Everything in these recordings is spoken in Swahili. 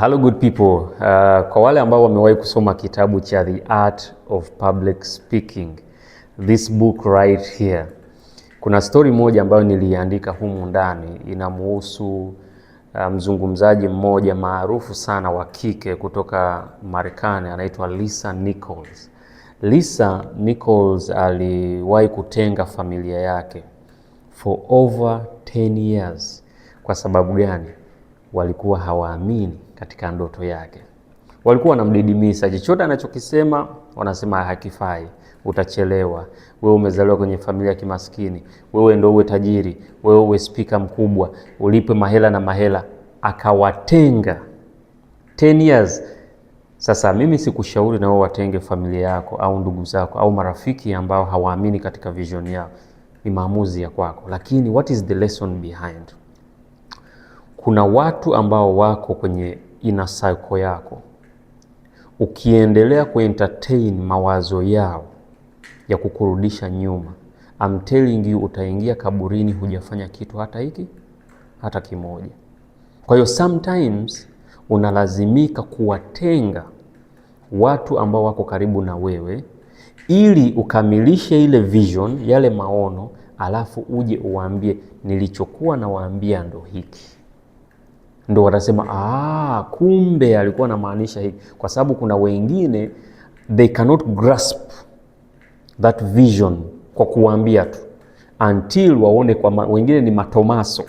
Hello good people. Uh, kwa wale ambao wamewahi kusoma kitabu cha The Art of Public Speaking, this book right here, kuna stori moja ambayo niliandika humu ndani inamuhusu uh, mzungumzaji mmoja maarufu sana wa kike kutoka Marekani anaitwa Lisa Nichols. Lisa Nichols aliwahi kutenga familia yake for over 10 years. Kwa sababu gani? walikuwa hawaamini katika ndoto yake, walikuwa wanamdidimisa. Chochote anachokisema wanasema hakifai, utachelewa, wewe umezaliwa kwenye familia ya kimaskini, wewe ndo uwe tajiri, wewe uwe spika mkubwa, ulipe mahela na mahela. Akawatenga 10 years. Sasa mimi sikushauri na wewe watenge familia yako au ndugu zako au marafiki ambao hawaamini katika vision yao, ni maamuzi ya kwako, lakini what is the lesson behind kuna watu ambao wako kwenye ina circle yako, ukiendelea kuentertain mawazo yao ya kukurudisha nyuma, I'm telling you utaingia kaburini hujafanya kitu hata hiki hata kimoja. Kwa hiyo sometimes unalazimika kuwatenga watu ambao wako karibu na wewe ili ukamilishe ile vision, yale maono, alafu uje uwaambie nilichokuwa nawaambia ndo hiki ndo watasema ah, kumbe alikuwa anamaanisha hiki, kwa sababu kuna wengine they cannot grasp that vision kwa kuwambia tu until waone kwa ma, wengine ni matomaso.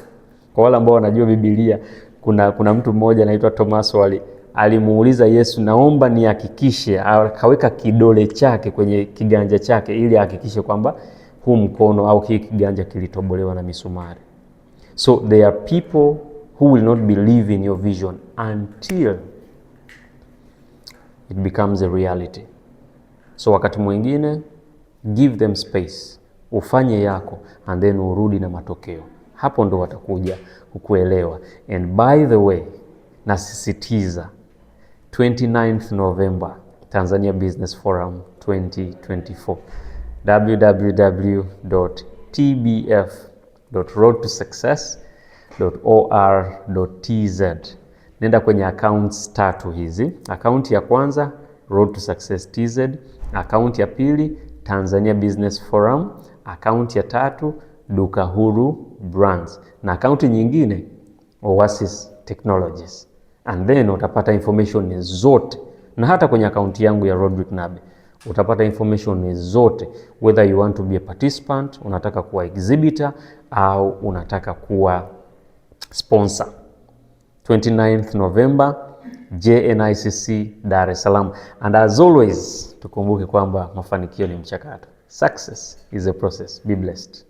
Kwa wale ambao wanajua Biblia, kuna, kuna mtu mmoja anaitwa Tomaso ali alimuuliza Yesu, naomba nihakikishe. Akaweka kidole chake kwenye kiganja chake ili ahakikishe kwamba huu mkono au hii kiganja kilitobolewa na misumari. So there are people who will not believe in your vision until it becomes a reality. So wakati mwingine give them space, ufanye yako and then urudi na matokeo. Hapo ndo watakuja kukuelewa. And by the way, nasisitiza 29th November Tanzania Business Forum 2024 www.tbf.road to success .or.tz. Nenda kwenye accounts tatu hizi. Account ya kwanza Road to Success TZ, account ya pili Tanzania Business Forum, account ya tatu Duka Huru Brands na account nyingine Oasis Technologies. And then utapata information zote na hata kwenye akaunti yangu ya Rodrick Nabe utapata information zote, whether you want to be a participant, unataka kuwa exhibitor au unataka kuwa sponsor 29th November JNICC Dar es Salaam. And as always tukumbuke kwamba mafanikio ni mchakato. Success is a process. Be blessed.